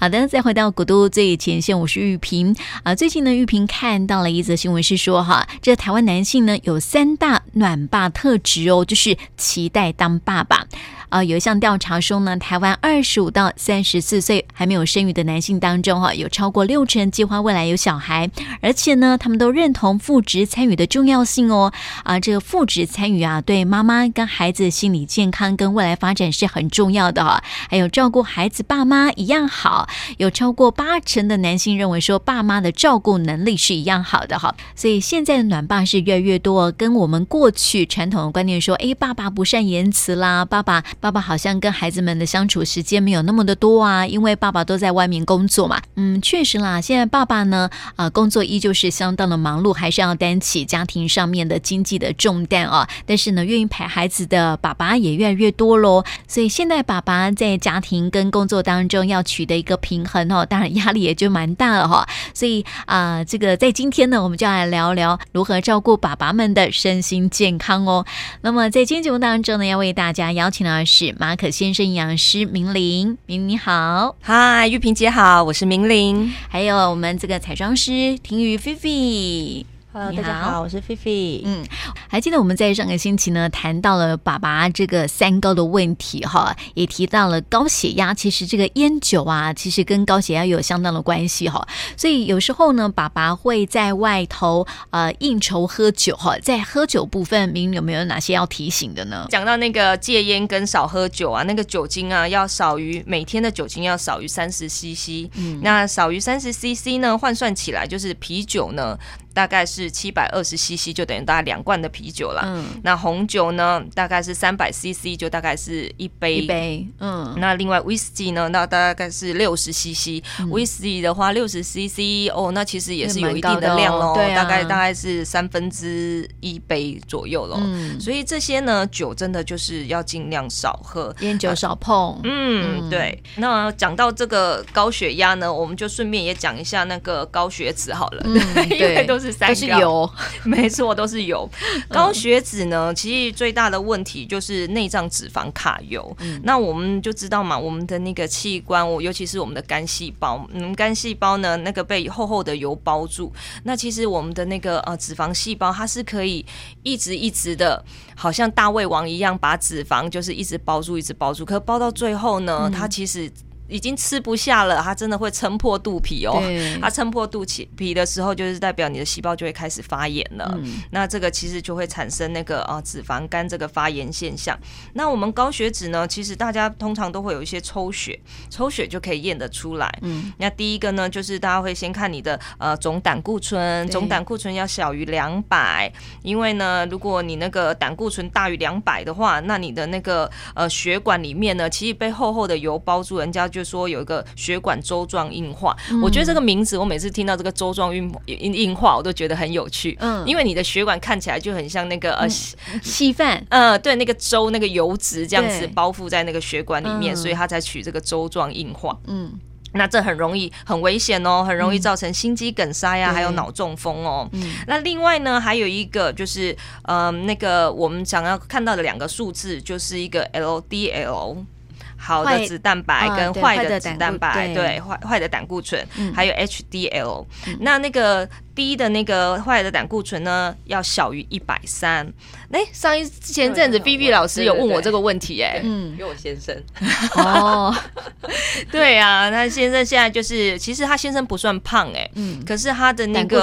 好的，再回到古都最前線，我是玉萍啊。最近呢，玉萍看到了一則新聞，是說哈，這台灣男性呢有三大暖爸特質哦，就是期待當爸爸。啊、呃，有一項調查說呢，台灣二十五到三十四歲還沒有生育的男性當中，哈、哦，有超過六成計劃未來有小孩，而且呢，他們都認同父職參與的重要性哦。啊、呃，這個父職參與啊，對媽媽跟孩子心理健康跟未來發展是很重要的哈、哦。還有照顧孩子，爸媽一樣好，有超過八成的男性認為說，爸媽的照顧能力是一樣好的哈、哦。所以現在的暖爸是越來越多，跟我們過去傳統的觀念說，誒，爸爸不善言辭啦，爸爸。爸爸好像跟孩子們的相處時間沒有那麼的多啊，因為爸爸都在外面工作嘛。嗯，確實啦，現在爸爸呢，呃，工作依舊是相當的忙碌，還是要擔起家庭上面的經濟的重擔哦。但是呢，願意陪孩子的爸爸也越來越多嘍。所以現在爸爸在家庭跟工作當中要取得一個平衡哦，當然壓力也就蠻大了哈、哦。所以啊、呃，這個在今天呢，我們就要來聊聊如何照顧爸爸們的身心健康哦。那麼在今天節目當中呢，要為大家邀請了。是馬可先生營養師明苓。明苓你好。嗨，玉萍姐好，我是明苓。還有我們這個彩妝師婷瑜菲菲。Hello，好大家好，我是菲菲。嗯，還記得我們在上個星期呢談到了爸爸這個三高的問題哈，也提到了高血壓。其實這個煙酒啊，其實跟高血壓有相當的關係哈。所以有時候呢，爸爸會在外頭呃應酬喝酒哈，在喝酒部分，您有沒有哪些要提醒的呢？講到那個戒煙跟少喝酒啊，那個酒精啊要少於每天的酒精要少於三十 CC。嗯，那少於三十 CC 呢，換算起來就是啤酒呢。大概是七百二十 cc，就等於大概兩罐的啤酒了。嗯，那紅酒呢，大概是三百 cc，就大概是一杯一杯。嗯，那另外威士忌呢，那大概是六十 cc。嗯、威士忌的話，六十 cc 哦，那其實也是有一定的量嘍、哦啊，大概大概是三分之一杯左右嘍。嗯，所以這些呢，酒真的就是要盡量少喝，煙酒少碰。啊、嗯，嗯對。那講到這個高血壓呢，我們就順便也講一下那個高血脂好了。嗯、對。 都是，都是油， 沒錯，都是油。高血脂呢，其實最大的問題就是內臟脂肪卡油。嗯，那我們就知道嘛，我們的那個器官，我尤其是我們的肝細胞，嗯，肝細胞呢，那個被厚厚的油包住。那其實我們的那個呃脂肪細胞，它是可以一直一直的，好像大胃王一樣，把脂肪就是一直包住，一直包住。可是包到最後呢，它其實。已經吃不下了，它真的會撐破肚皮哦。對。它撐破肚皮的時候，就是代表你的細胞就會開始發炎了。嗯。那這個其實就會產生那個啊、呃，脂肪肝這個發炎現象。那我們高血脂呢，其實大家通常都會有一些抽血，抽血就可以驗得出來。嗯。那第一個呢，就是大家會先看你的呃總膽固醇，總膽固醇要小於兩百，因為呢，如果你那個膽固醇大於兩百的話，那你的那個呃血管裡面呢，其實被厚厚的油包住，人家就。就是說有一個血管粥狀硬化，嗯、我覺得這個名字，我每次聽到這個粥狀硬硬化，我都覺得很有趣。嗯，因為你的血管看起來就很像那個呃稀、嗯、飯，嗯、呃，對，那個粥，那個油脂這樣子包覆在那個血管裡面，嗯、所以它才取這個粥狀硬化。嗯，那這很容易，很危險哦，很容易造成心肌梗塞呀、啊，嗯、還有腦中風哦。嗯、那另外呢，還有一個就是、呃，那個我們想要看到的兩個數字，就是一個 LDL。好的脂蛋白跟壞的脂蛋白，對壞壞的膽固醇，還有 HDL、嗯。嗯、那那個低的那個壞的膽固醇呢，要小於一百三。哎、欸，上一前陣子 B B 老師有問我這個問題、欸，哎，嗯，有我先生。哦、嗯， 對啊，他先生現在就是，其實他先生不算胖、欸，哎，嗯，可是他的那個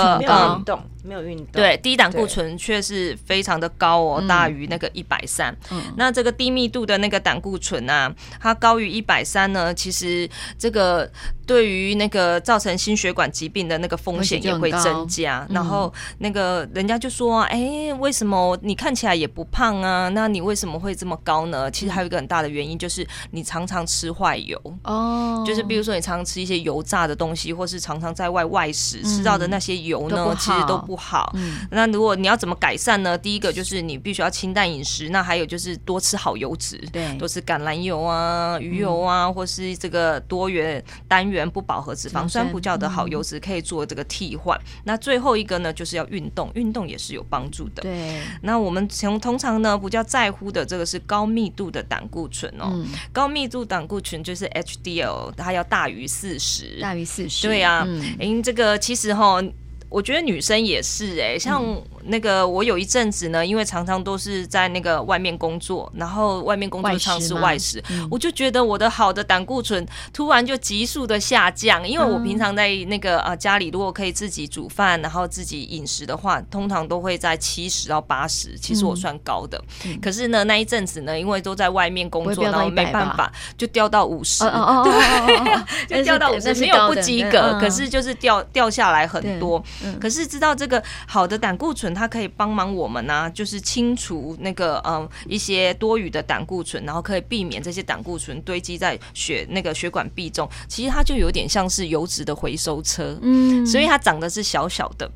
沒有運動，對低膽固醇卻是非常的高哦，嗯、大於那個一百三。那這個低密度的那個膽固醇啊，它高於一百三呢，其實這個對於那個造成心血管疾病的那個風險也會增加。然後那個人家就說：“哎、嗯欸，為什麼你看起來也不胖啊？那你為什麼會這麼高呢？”其實還有一個很大的原因就是你常常吃壞油哦，就是比如說你常常吃一些油炸的東西，或是常常在外外食吃到的那些油呢，其實都不。好，嗯、那如果你要怎麼改善呢？第一個就是你必須要清淡飲食，那還有就是多吃好油脂，對，多吃橄欖油啊、魚油啊，嗯、或是這個多元單元不飽和脂肪酸比較的好油脂可以做這個替換。嗯、那最後一個呢，就是要運動，運動也是有幫助的。對，那我們從通常呢比較在乎的這個是高密度的膽固醇哦，嗯、高密度膽固醇就是 HDL，它要大於四十，大於四十，對啊，哎、嗯，因為這個其實哈。我覺得女生也是誒、欸、像。嗯那個我有一陣子呢，因為常常都是在那個外面工作，然後外面工作上是外食，我就覺得我的好的膽固醇突然就急速的下降，因為我平常在那個啊家裡如果可以自己煮飯，然後自己飲食的話，通常都會在七十到八十，其實我算高的。可是呢那一陣子呢，因為都在外面工作，然後沒辦法，就掉到五十，對，掉到五十沒有不及格，可是就是掉掉下來很多。可是知道這個好的膽固醇。它可以幫忙我們呢、啊，就是清除那個嗯、呃、一些多餘的膽固醇，然後可以避免這些膽固醇堆積在血那個血管壁中。其實它就有點像是油脂的回收車，嗯，所以它長得是小小的。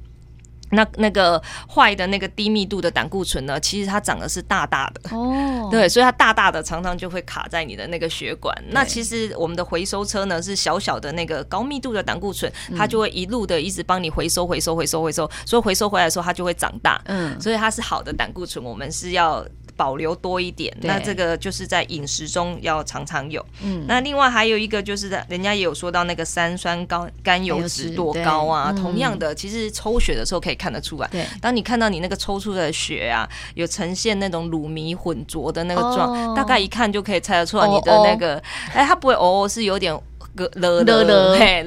那那個壞的那個低密度的膽固醇呢？其實它長得是大大的哦，oh. 對，所以它大大的常常就會卡在你的那個血管。對那其實我們的回收車呢是小小的那個高密度的膽固醇，它就會一路的一直幫你回收回收回收回收，嗯、所以回收回來的時候它就會長大。嗯，所以它是好的膽固醇，我們是要。保留多一點，那這個就是在飲食中要常常有。嗯，那另外還有一個就是，人家也有說到那個三酸高甘油脂多高啊，同樣的，嗯、其實抽血的時候可以看得出來。對當你看到你那個抽出的血啊，有呈現那種乳糜混濁的那個狀，oh, 大概一看就可以猜得出來你的那個，哎、oh, oh. 它不會偶爾是有點。了了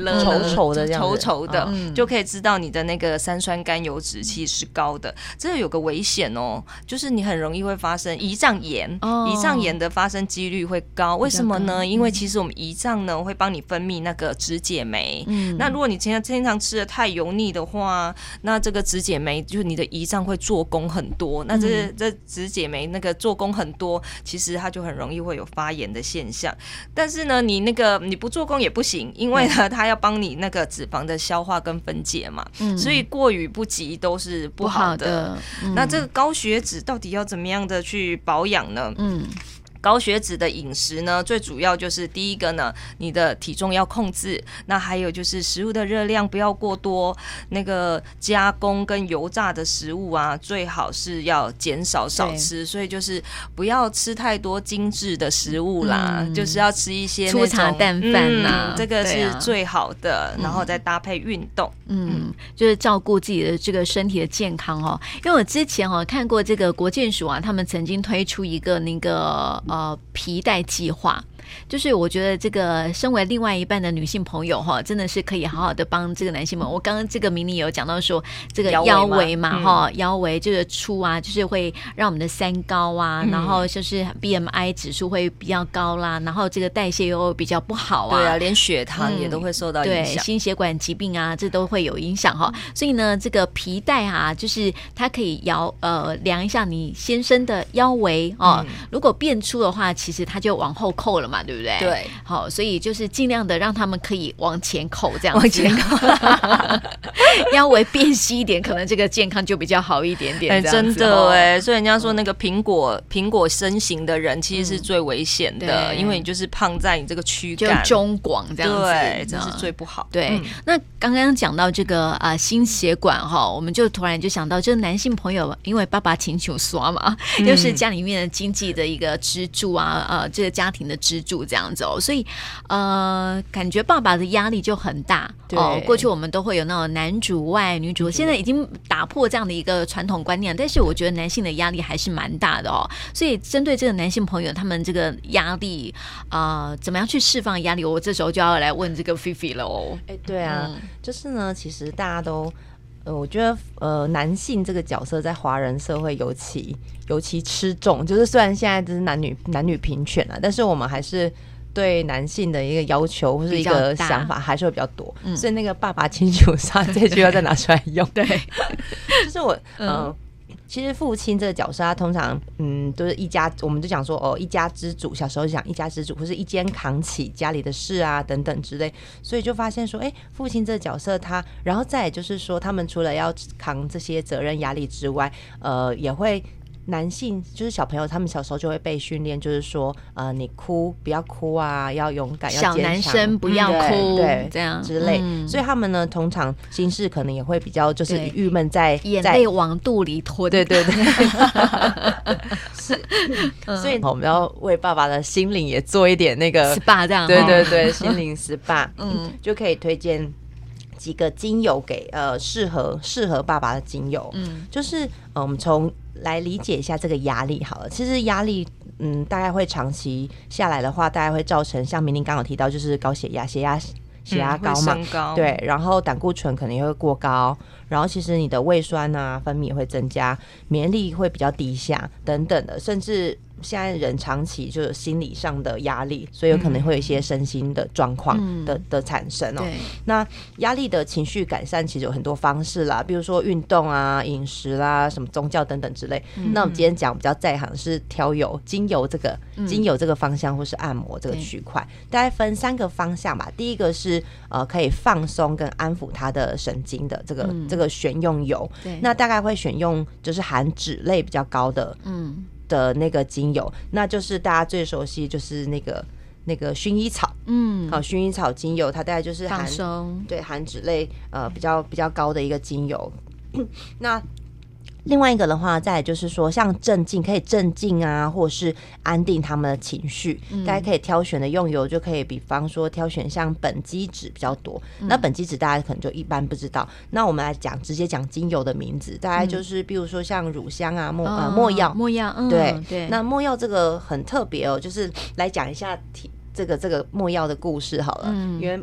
了，醜醜的這樣醜醜的，就可以知道你的那個三酸甘油脂其實是高的，這有個危險哦，就是你很容易會發生胰臟炎，胰臟炎的發生幾率會高，為什麼呢？因為其實我們胰臟呢會幫你分泌那個脂解酶，那如果你經常吃的太油膩的話，那這個脂解酶就是你的胰臟會做工很多，那這這脂解酶那個做工很多，其實它就很容易會有發炎的現象，但是呢，你那個你不做工。也不行，因為呢，它要幫你那個脂肪的消化跟分解嘛，嗯、所以過於不及都是不好的。好的嗯、那這個高血脂到底要怎麼樣的去保養呢？嗯。高血脂的飲食呢，最主要就是第一個呢，你的體重要控制，那還有就是食物的熱量不要過多，那個加工跟油炸的食物啊，最好是要減少少吃，對所以就是不要吃太多精緻的食物啦，嗯、就是要吃一些粗茶淡飯吶、啊嗯，這個是最好的，啊、然後再搭配運動，嗯，嗯嗯就是照顧自己的這個身體的健康哦。因為我之前哦看過這個國健署啊，他們曾經推出一個那個。呃，皮帶計劃。就是我覺得這個身為另外一半的女性朋友哈，真的是可以好好的幫這個男性們。我剛剛這個明苓有講到說，這個腰圍嘛哈，腰圍就是粗啊，就是會讓我們的三高啊，然後就是 BMI 指數會比較高啦，啊，然後這個代謝又比較不好啊，對啊，連血糖也都會受到影響，嗯，心血管疾病啊，這都會有影響哈。嗯、所以呢，這個皮帶啊，就是它可以搖呃量一下你先生的腰圍哦。如果變粗的話，其實它就往後扣了嘛。嘛，對不對？對，好，所以就是儘量的讓他們可以往前扣，這樣子往前扣，腰圍變細一點，可能這個健康就比較好一點點、哦。哎、欸，真的哎，所以人家說那個蘋果、哦、蘋果身形的人其實是最危險的，嗯、因為你就是胖在你這個軀幹中廣這樣子，這對、嗯、是最不好的。嗯、對，那剛剛講到這個啊、呃，心血管哈，我們就突然就想到，就是男性朋友，因為爸爸請求刷嘛，又、就是家裡面的經濟的一個支柱啊，啊、嗯呃，這個家庭的支、啊。住這樣子哦，所以，呃，感覺爸爸的壓力就很大對哦。過去我們都會有那種男主外女主，主現在已經打破這樣的一個傳統觀念，但是我覺得男性的壓力還是蠻大的哦。所以針對這個男性朋友，他們這個壓力啊、呃，怎麼樣去釋放壓力？我這時候就要來問這個菲菲了哦。哎、欸，對啊，就是呢，其實大家都。呃，我覺得呃，男性這個角色在華人社會尤其尤其吃重，就是雖然現在這是男女男女平權了，但是我們還是對男性的一個要求或是一個想法還是會比較多。較所以那個“爸爸請舉手”這句話再拿出來用，嗯、對， 就是我、呃、嗯。其實父親這個角色，他通常嗯，都、就是一家，我們就講說哦，一家之主，小時候講一家之主，或是一肩扛起家裡的事啊等等之類，所以就發現說，哎、欸，父親這個角色他，他然後再也就是說，他們除了要扛這些責任壓力之外，呃，也會。男性就是小朋友，他們小時候就會被訓練，就是說，呃，你哭不要哭啊，要勇敢，要堅強，小男生不要哭，這樣之類。所以他們呢，通常心事可能也會比較就是鬱悶，在眼淚往肚裡吞。對對對，是。所以我們要為爸爸的心靈也做一點那個 SPA，這樣。對對對，心靈 SPA，嗯，就可以推薦幾個精油給，呃，適合適合爸爸的精油。嗯，就是呃，我們從。來理解一下這個壓力好了，其實壓力，嗯，大概會長期下來的話，大概會造成像明苓剛有提到，就是高血壓、血壓、血壓高嘛，嗯、高對，然後膽固醇可能也會過高，然後其實你的胃酸啊分泌也會增加，免疫力會比較低下等等的，甚至。現在人長期就是心理上的壓力，所以有可能會有一些身心的狀況的、嗯、的，的產生哦、喔。對那壓力的情緒改善其實有很多方式啦，比如說運動啊、飲食啦、啊、什麼宗教等等之類。嗯、那我們今天講比較在行是挑油、精油這個、嗯、精油這個方向，或是按摩這個區塊，對大概分三個方向吧。第一個是呃，可以放鬆跟安撫他的神經的這個、嗯、這個選用油，對那大概會選用就是含脂類比較高的嗯。的那個精油，那就是大家最熟悉，就是那個那個薰衣草，嗯，好、哦，薰衣草精油，它大概就是含放鬆，對，含酯類呃比較比較高的一個精油， 那。另外一個的話，再來就是說，像鎮靜可以鎮靜啊，或者是安定他們的情緒，嗯、大家可以挑選的用油就可以，比方說挑選像苯基酯比較多。嗯、那苯基酯大家可能就一般不知道。那我們來講，直接講精油的名字，大概就是、嗯、比如說像乳香啊、沒藥、哦呃、沒藥藥對、嗯，對對。那沒藥這個很特別哦，就是來講一下這個這個沒藥的故事好了，嗯、因為。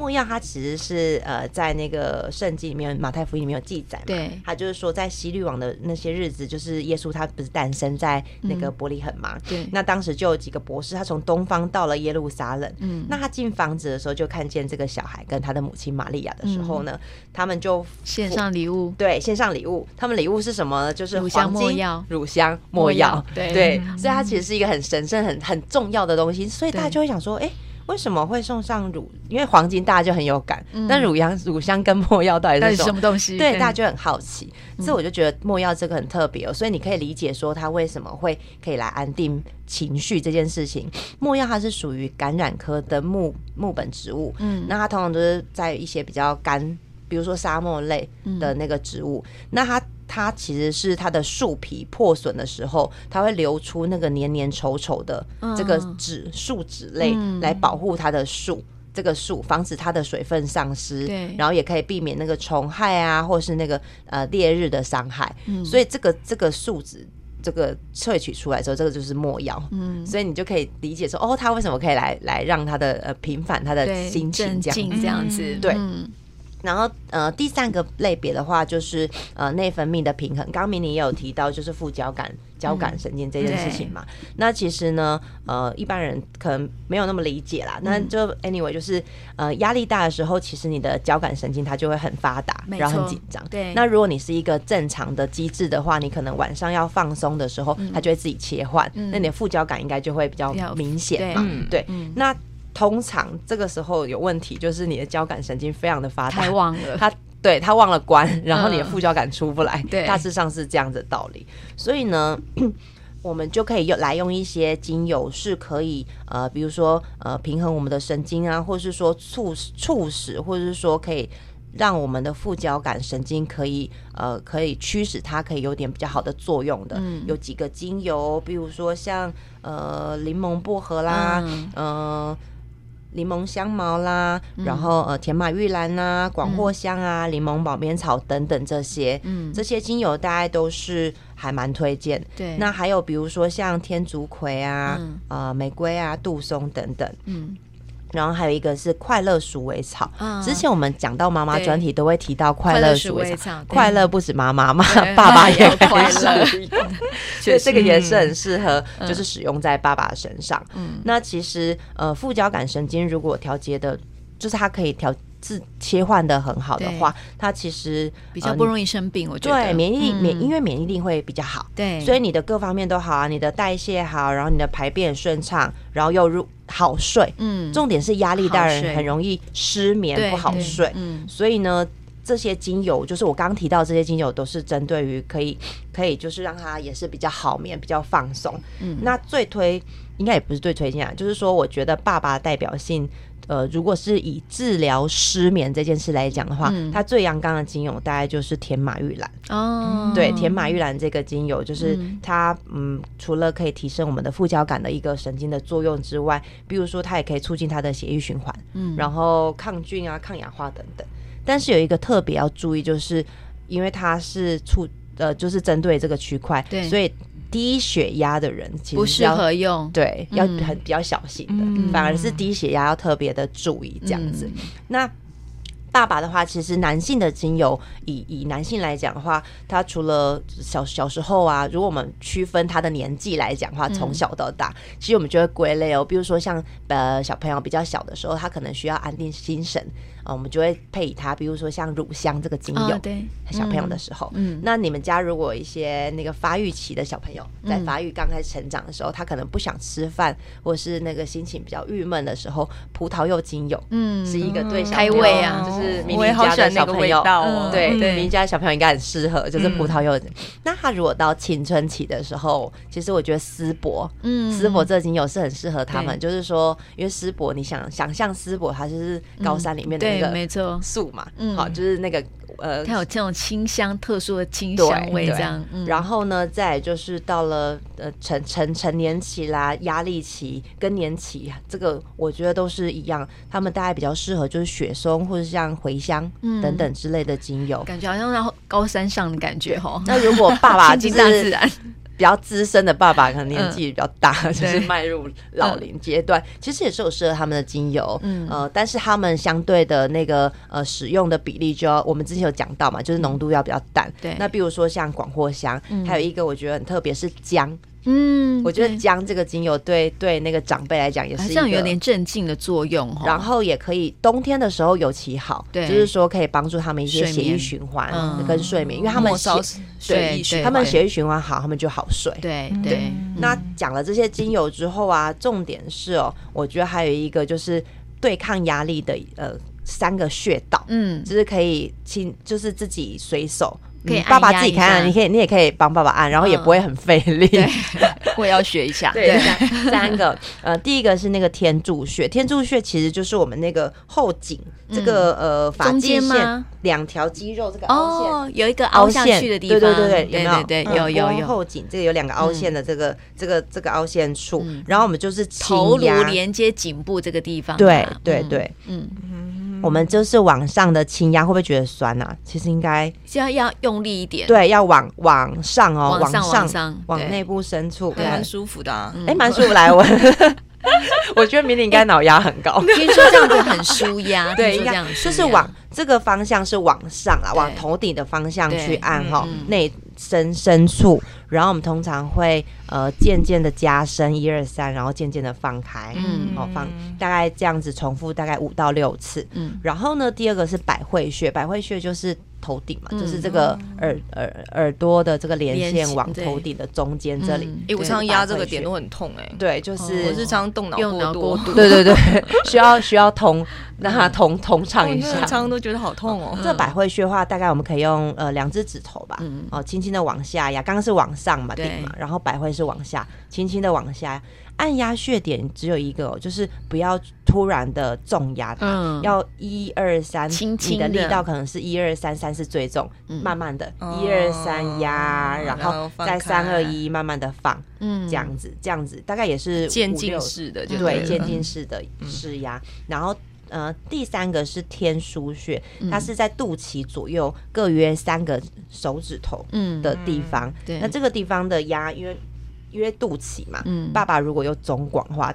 沒藥，他其實是呃，在那個聖經裡面，馬太福音裡面有記載嘛。對。他就是說，在希律王的那些日子，就是耶穌他不是誕生在那個伯利恆嘛，嗯。對。那當時就有幾個博士，他從東方到了耶路撒冷。嗯。那他進房子的時候，就看見這個小孩跟他的母親瑪利亞的時候呢、嗯，他們就獻上，上禮物。對，獻上禮物。他們禮物是什麼呢？就是黃金、乳香、沒藥。乳香沒藥，藥。對對，嗯、所以它其實是一個很神聖、很很重要的東西，所以大家就會想說，哎對。誒為什麼會送上乳？因為黃金大家就很有感，嗯、但乳香、乳香跟沒藥到底是什麼東西？對，大家就很好奇，所以、嗯、我就覺得沒藥這個很特別哦。所以你可以理解說，它為什麼會可以來安定情緒這件事情。沒藥它是屬於感染科的木木本植物，嗯，那它通常都是在一些比較乾。比如說沙漠類的那個植物，嗯、那它它其實是它的樹皮破損的時候，它會流出那個黏黏稠稠的這個脂樹脂類來保護它的樹、嗯、這個樹，防止它的水分喪失，對、嗯，然後也可以避免那個蟲害啊，或是那個呃烈日的傷害。嗯、所以這個這個樹脂這個萃取出來之後，這個就是沒藥。嗯，所以你就可以理解說，哦，它為什麼可以來來讓它的呃平反它的心情這樣這樣子、嗯、對。嗯然後呃，第三個類別的話就是呃，內分泌的平衡。剛剛明苓你也有提到，就是副交感、交感神經這件事情嘛。嗯、那其實呢，呃，一般人可能沒有那麼理解啦。嗯、那就 anyway 就是呃，壓力大的時候，其實你的交感神經它就會很發達，沒錯。然後很緊張。對。那如果你是一個正常的機制的話，你可能晚上要放鬆的時候，它就會自己切換。嗯、那你的副交感應該就會比較明顯嘛。對。那通常這個時候有問題，就是你的交感神經非常的發達，太忘了，他對他忘了關，然後你的副交感出不來，大致、嗯、上是這樣的道理。所以呢， 我們就可以用來用一些精油，是可以呃，比如說呃，平衡我們的神經啊，或是說促促使，或者是說可以讓我們的副交感神經可以呃，可以驅使它可以有點比較好的作用的。嗯、有幾個精油，比如說像呃，檸檬薄荷啦，嗯。呃檸檬香茅啦，嗯、然後呃，甜馬鬱蘭啊，廣藿香啊，檸、嗯、檬馬鞭草等等這些，嗯，這些精油大概都是還蠻推薦。對，那還有比如說像天竺葵啊、嗯呃，玫瑰啊，杜松等等，嗯。然後還有一個是快樂鼠尾草，啊、之前我們講到媽媽專題都會提到快樂鼠尾草，快樂不止媽媽媽，對媽，媽爸爸也， 也快樂，所以這個也是很適合，就是使用在爸爸身上。嗯、那其實呃副交感神經如果調節的，就是它可以調。自切換的很好的話，對它其實、呃、比較不容易生病。我覺得對，免疫免、嗯、因為免疫力會比較好，對，所以你的各方面都好啊，你的代謝好，然後你的排便順暢，然後又入好睡。嗯，重點是壓力大人很容易失眠好睡不好睡，嗯、所以呢。這些精油就是我剛剛提到，這些精油都是針對於可以可以，可以就是讓它也是比較好眠，比較放鬆。嗯，那最推應該也不是最推薦啊，就是說我覺得爸爸代表性，呃，如果是以治療失眠這件事來講的話，嗯，它最陽剛的精油大概就是甜馬鬱蘭哦。對，甜馬鬱蘭這個精油，就是它嗯，除了可以提升我們的副交感的一個神經的作用之外，比如說它也可以促進它的血液循環，嗯，然後抗菌啊、抗氧化等等。但是有一個特別要注意，就是因為它是處呃，就是針對這個區塊，對，所以低血壓的人其實不適合用，對，嗯、要很比較小心的，嗯、反而是低血壓要特別的注意這樣子。嗯、那爸爸的話，其實男性的精油，以以男性來講的話，他除了小小時候啊，如果我們區分他的年紀來講的話，從小到大，嗯、其實我們就會歸類哦，比如說像呃小朋友比較小的時候，他可能需要安定心神。啊，我們就會配它，比如說像乳香這個精油，對小朋友的時候，嗯，那你們家如果一些那個發育期的小朋友在發育剛開始成長的時候，他可能不想吃飯，或是那個心情比較鬱悶的時候，葡萄柚精油，嗯，是一個對小朋友，開胃啊，就是明苓家的小朋友，對對，明苓家小朋友應該很適合，就是葡萄柚。那他如果到青春期的時候，其實我覺得絲柏，嗯，絲柏這個精油是很適合他們，就是說，因為絲柏你想想象絲柏他就是高山裡面的。欸、沒錯，素嘛，嗯，好，就是那個呃，它有這種清香，特殊的清香味，這樣。啊嗯、然後呢，再就是到了呃成成成年期啦，壓力期、更年期，這個我覺得都是一樣，他們大概比較適合就是雪松或者像茴香等等之類的精油，嗯、感覺好像在高山上的感覺齁。那如果爸爸就是。 親近大自然比較資深的爸爸，可能年紀比較大，嗯、就是邁入老齡階段。嗯、其實也是有適合他們的精油，嗯、呃，但是他們相對的那個呃使用的比例就要，我們之前有講到嘛，就是濃度要比較淡。對、嗯，那比如說像廣藿香，嗯、還有一個我覺得很特別，是薑。嗯，我覺得薑這個精油對對那個長輩來講也是像有點鎮靜的作用，然後也可以冬天的時候尤其好，就是說可以幫助他們一些血液循環跟睡眠，因為他們血、對，他們血液循環好，他們就好睡。對。對對，那講了這些精油之後啊，重點是哦、喔，我覺得還有一個就是對抗壓力的呃三個穴道，嗯，就是可以親，就是自己隨手。爸爸自己看啊！你可以，你也可以幫爸爸按，然後也不會很費力。我也要學一下。對，三個，呃，第一個是那個天柱穴，天柱穴其實就是我們那個後頸這個呃，髮際線，中間嗎？兩條肌肉這個凹陷，哦，有一個凹下去的地方，對對對，有沒有？有後頸這個有兩個凹陷的這個這個這個凹陷處，然後我們就是頭顱連接頸部這個地方，對對對，嗯嗯。我們就是往上的輕壓，會不會覺得酸啊？其實應該現在要用力一點，對，要往往上哦，往上、喔、往上，往上，往內部深處，蠻舒服的、啊，哎、欸，蠻 舒服、啊，來文。 我覺得明苓應該腦壓很高，欸，聽說這樣子很舒壓， 對，應該就是往這個方向是往上啦，對往頭頂的方向去按齁內，嗯嗯，深深處，然後我們通常會呃漸漸的加深一二三，1, 2, 3, 然後漸漸的放開，嗯，好放，大概這樣子重複大概五到六次，嗯，然後呢，第二個是百會穴，百會穴就是。頭頂嘛，就是這個耳耳耳朵的這個連線，往頭頂的中間這裡。哎，我上次壓這個點都很痛哎。對，就是我是上次動腦過多。對對對，需要需要通讓它通通暢一下。我常常都覺得好痛哦。這百會穴的話，大概我們可以用呃兩隻指頭吧，哦，輕輕的往下壓。剛剛是往上嘛，對嘛？然後百會是往下，輕輕的往下。按壓穴點只有一個、哦，就是不要突然的重壓，嗯，要一二三，輕輕的你的力道，可能是一二三，三是最重，嗯、慢慢的一，、哦，一二三壓，然後再三二一慢慢的放，這樣子，這樣子，大概也是漸進式的就對，對，漸、嗯、進式的施壓。然後，呃，第三個是天樞穴，它是在肚臍左右各約三個手指頭，的地方，嗯、對那這個地方的壓，因為。因為肚臍嘛，嗯、爸爸如果有中廣的話，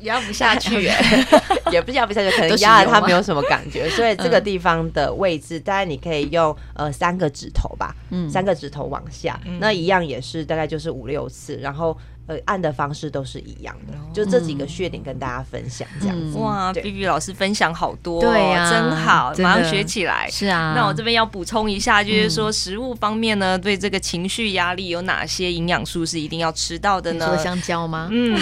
壓不下去、欸， 也不壓不下去，可能壓得他沒有什麼感覺，所以這個地方的位置，嗯、大概你可以用呃三個指頭吧，嗯、三個指頭往下，嗯、那一樣也是大概就是五六次，然後。呃，按的方式都是一樣的，就這幾個穴點跟大家分享這樣子。哇，B B 老師分享好多，對，真好，馬上學起來。是啊，那我這邊要補充一下，就是說食物方面呢，對這個情緒壓力有哪些營養素是一定要吃到的呢？香蕉嗎？嗯，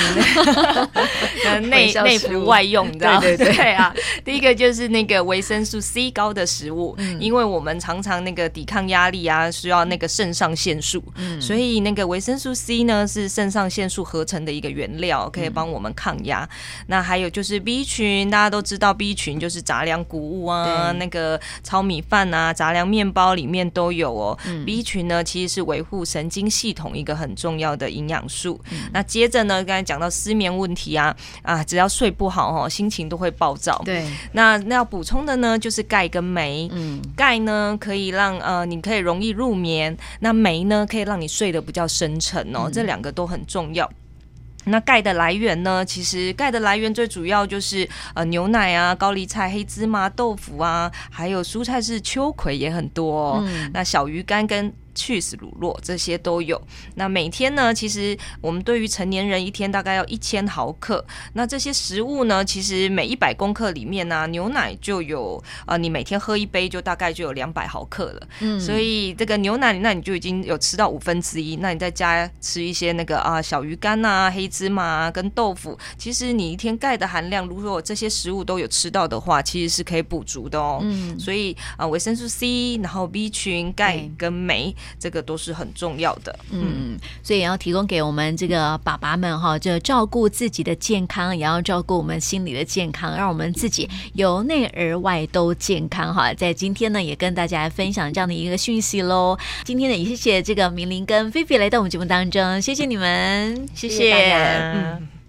內內服外用，對對對啊。第一個就是那個維生素 C 高的食物，因為我們常常那個抵抗壓力啊，需要那個腎上腺素，所以那個維生素 C 呢，是腎上腺素。腺素合成的一個原料，可以幫我們抗壓。嗯、那還有就是 B 群，大家都知道 B 群就是雜糧谷物啊，對那個糙米飯啊、雜糧麵包裡面都有哦。嗯、B 群呢，其實是維護神經系統一個很重要的營養素。嗯、那接着呢，剛才講到失眠問題啊，啊，只要睡不好哦，心情都會暴躁。對，那那要補充的呢，就是鈣跟鎂。嗯，鈣呢可以讓呃，你可以容易入眠；那鎂呢，可以讓你睡得比較深沉哦。嗯、這兩個都很重要。重要。那鈣的來源呢？其實鈣的來源最主要就是呃牛奶啊、高麗菜、黑芝麻、豆腐啊，還有蔬菜是秋葵也很多哦。嗯。那小魚乾跟。起司乳酪，這些都有。那每天呢？其實我們對於成年人一天大概要一千毫克。那這些食物呢？其實每一百公克裡面呢、啊，牛奶就有啊、呃，你每天喝一杯就大概就有兩百毫克了。嗯，所以這個牛奶，那你就已經有吃到五分之一。5, 那你再加吃一些那個啊、呃、小魚乾吶、啊、黑芝麻、啊、跟豆腐，其實你一天鈣的含量，如果這些食物都有吃到的話，其實是可以補足的哦。嗯，所以啊，維、呃、生素 C，然後 B 群、鈣跟鎂。欸這個都是很重要的，嗯，嗯，所以要提供給我們這個爸爸們哈，就照顧自己的健康，也要照顧我們心理的健康，讓我們自己由內而外都健康哈。在今天呢，也跟大家來分享這樣的一個訊息嘍。今天呢，也謝謝這個明苓跟菲菲來到我們節目當中，謝謝你們，謝謝。